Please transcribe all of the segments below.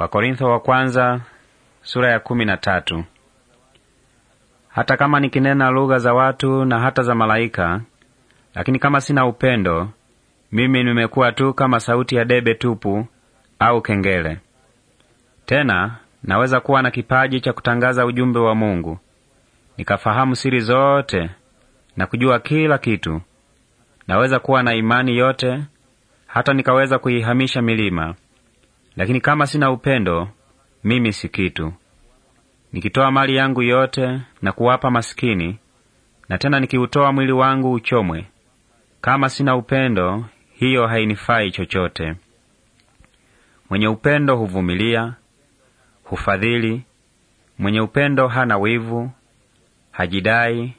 Wakorintho wa kwanza, sura ya kumi na tatu. Hata kama nikinena lugha za watu na hata za malaika, lakini kama sina upendo, mimi nimekuwa tu kama sauti ya debe tupu au kengele. Tena naweza kuwa na kipaji cha kutangaza ujumbe wa Mungu, nikafahamu siri zote na kujua kila kitu. Naweza kuwa na imani yote, hata nikaweza kuihamisha milima. Lakini kama sina upendo, mimi si kitu. Nikitoa mali yangu yote na kuwapa masikini, na tena nikiutoa mwili wangu uchomwe, kama sina upendo, hiyo hainifai chochote. Mwenye upendo huvumilia, hufadhili. Mwenye upendo hana wivu, hajidai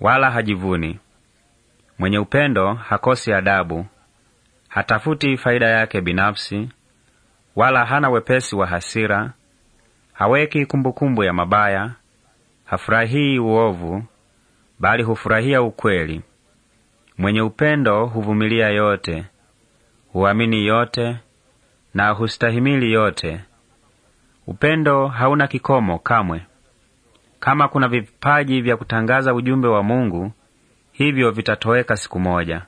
wala hajivuni. Mwenye upendo hakosi adabu, hatafuti faida yake binafsi, wala hana wepesi wa hasira, haweki kumbukumbu ya mabaya, hafurahii uovu, bali hufurahia ukweli. Mwenye upendo huvumilia yote, huamini yote, na hustahimili yote. Upendo hauna kikomo kamwe. Kama kuna vipaji vya kutangaza ujumbe wa Mungu, hivyo vitatoweka siku moja.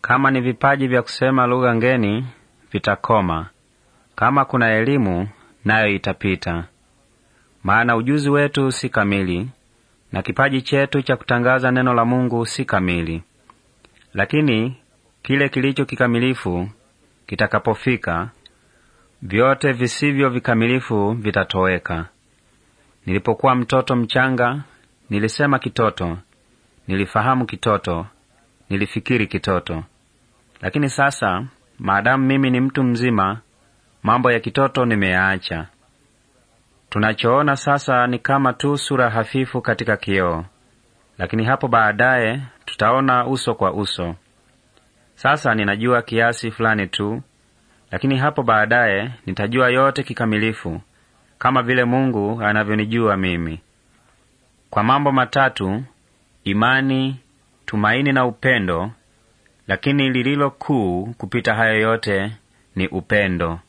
Kama ni vipaji vya kusema lugha ngeni, vitakoma. Kama kuna elimu, nayo itapita, maana ujuzi wetu si kamili na kipaji chetu cha kutangaza neno la Mungu si kamili. Lakini kile kilicho kikamilifu kitakapofika, vyote visivyo vikamilifu vitatoweka. Nilipokuwa mtoto mchanga, nilisema kitoto, nilifahamu kitoto, nilifikiri kitoto. Lakini sasa, maadamu mimi ni mtu mzima, Mambo ya kitoto nimeyaacha. Tunachoona sasa ni kama tu sura hafifu katika kioo, lakini hapo baadaye tutaona uso kwa uso. Sasa ninajua kiasi fulani tu, lakini hapo baadaye nitajua yote kikamilifu, kama vile Mungu anavyonijua mimi. Kwa mambo matatu, imani, tumaini na upendo, lakini lililo kuu kupita hayo yote ni upendo.